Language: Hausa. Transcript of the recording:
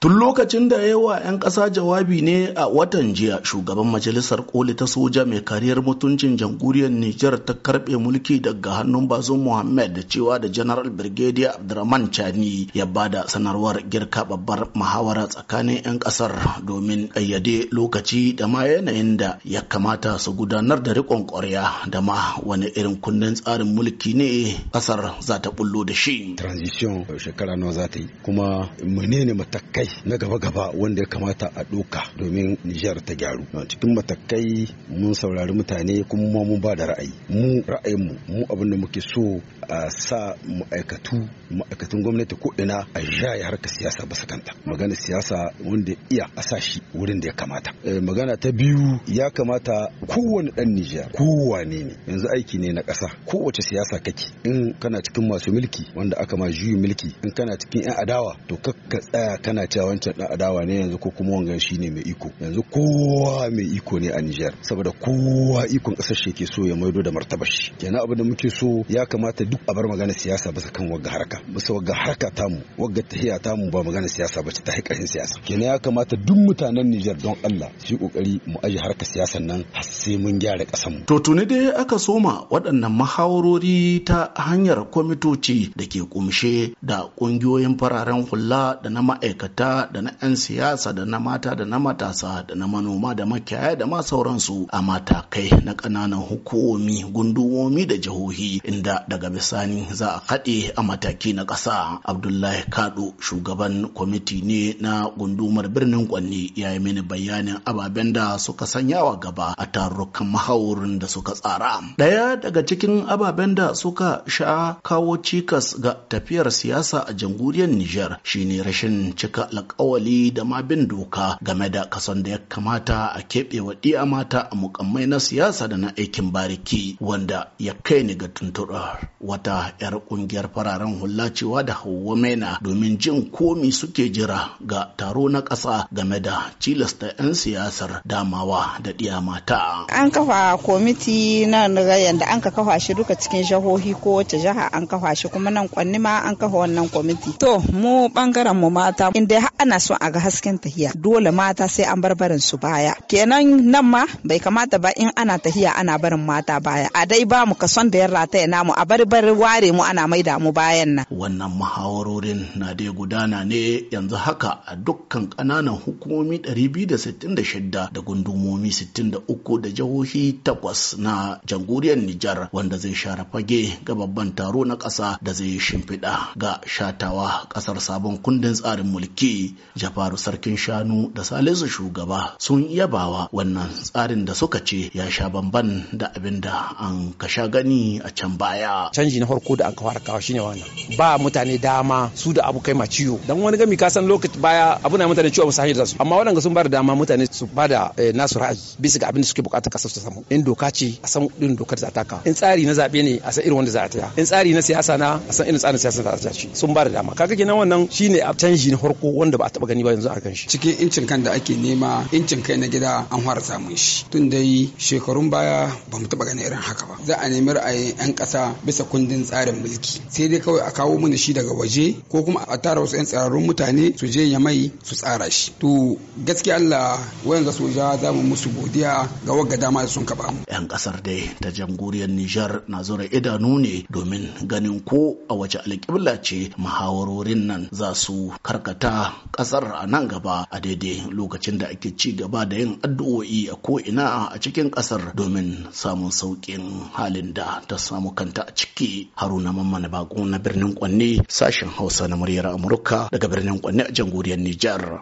Tun lokacin da ya wa 'yan ƙasa jawabi ne a watan jiya shugaban majalisar koli ta soja mai kariyar mutuncin jamhuriyar Nijar ta karɓe mulki daga hannun bazon Muhammad da cewa da General Brigadier Abdurrahman Chani ya bada sanarwar girka babbar muhawara tsakanin 'yan ƙasar domin ayyade lokaci da ma yanayin da ya kamata su gudanar da riƙon ƙwarya da ma wani irin kundin tsarin mulki ne ƙasar za ta bullo da shi. Transition shekara nawa za ta yi kuma menene matakai matakai na gaba-gaba wanda ya kamata a ɗoka domin Nijar ta gyaru. Cikin matakai mun saurari mutane kuma mun ba da ra'ayi. Mu ra'ayinmu mu abin da muke so a sa ma'aikatu ma'aikatun gwamnati ko ina a jaye harkar siyasa ba kanta. Magana siyasa wanda iya a sa shi wurin da ya kamata. Eh, magana ta biyu ya kamata kowane ɗan Nijar kowane ne yanzu aiki ne na ƙasa kowace siyasa kake in kana cikin masu mulki wanda aka ma juyi mulki in kana cikin 'yan adawa to kakka tsaya kana cewa wancan dan adawa ne yanzu ko kuma shi ne mai iko yanzu kowa mai iko ne a Niger saboda kowa ikon kasar shi ke so ya maido da martabar shi kenan abin da muke so ya kamata duk a bar magana siyasa bisa kan wagga haraka bisa wagga haraka tamu wagga tahiya tamu ba magana siyasa ba ce ta haƙarin siyasa kenan ya kamata duk mutanen Niger don Allah su kokari mu aje harka siyasar nan har sai mun gyara kasar mu to tuni dai aka soma waɗannan mahawarori ta hanyar kwamitoci da ke kumshe da ƙungiyoyin fararen hula da na ma'aikata mata da na 'yan siyasa da na mata da na matasa da na manoma da makiyaya da ma sauransu a matakai na ƙananan hukumomi gundumomi da jihohi inda daga bisani za a kaɗe a mataki na ƙasa abdullahi kado shugaban kwamiti ne na gundumar birnin kwanni ya yi mini bayanin ababen da suka sanyawa gaba a tarurrukan mahaurin da suka tsara ɗaya daga cikin ababen da suka sha kawo cikas ga tafiyar siyasa a jamhuriyar niger shine rashin cika alkawali da ma bin doka game da kasan da ya kamata a keɓe wa ɗiya mata a mukammai na siyasa da na aikin bariki wanda ya kai ni ga tuntuɗar wata 'yar ƙungiyar fararen hula cewa da hauwa maina domin jin komi suke jira ga taro na ƙasa game da cilasta 'yan siyasar damawa da ɗiya mata. An kafa komiti na rayan da an ka kafa shi duka cikin jahohi ko wace jiha an kafa shi kuma nan kwanni ma an kafa wannan komiti. To mu bangaren mu mata inda har ana so a ga hasken tahiya dole mata sai an bar barin su baya kenan nan ma bai kamata ba in ana tahiya ana barin mata baya a dai ba mu kason da yan rataya namu a bar bar ware mu ana maida mu bayan nan wannan muhawarorin na dai gudana ne yanzu haka a dukkan ƙananan hukumomi 266 da gundumomi 63 da jihohi takwas na jamhuriyar Nijar wanda zai share fage ga babban taro na ƙasa da zai shimfiɗa ga shatawa ƙasar sabon kundin tsarin mulki Jafaru Sarkin Shanu da Salisu Shugaba sun yabawa wannan tsarin da suka ce ya sha bamban da abin da an kasha gani a can baya. Canji na farko da an fara kawo shine wannan. Ba mutane dama su da abu kai ma ciwo. Dan wani gami kasan lokaci baya abu na mutane ciwo ba su hanyar su. Amma waɗanda sun ba da dama mutane su ba da eh, nasu ra'ayi bisa ga abin da suke bukata kasar su samu. In doka ce a san irin dokar za ta kawo. In tsari na zaɓe ne a san irin wanda za a taya. In tsari na siyasa na a san irin tsarin siyasa za a taya. Sun ba da dama. Kaga kenan wannan shine a canji na farko abin da ba a taba gani ba yanzu a kan shi cikin incin kan da ake nema incin kai na gida an fara samun shi tun dai shekarun baya ba mu taba ganin irin haka ba za a nemi ra'ayin yan kasa bisa kundin tsarin mulki sai dai kawai a kawo mana shi daga waje ko kuma a tara wasu yan tsararrun mutane su je ya mai su tsara shi to gaskiya Allah wayan ga soja za mu musu godiya ga wagga dama da sun kaba mu yan kasar dai ta jamhuriyar Nijar na zura idanu ne domin ganin ko a wace alƙibla ce muhawarorin nan za su karkata kasar a nan gaba a daidai lokacin da ake ci gaba da yin addu'o'i a ko'ina a cikin kasar domin samun sauƙin halin da ta samu kanta a ciki haruna mamman bako na birnin kwanne sashen hausa na muryar amurka daga birnin kwanne a jamhuriyar nijar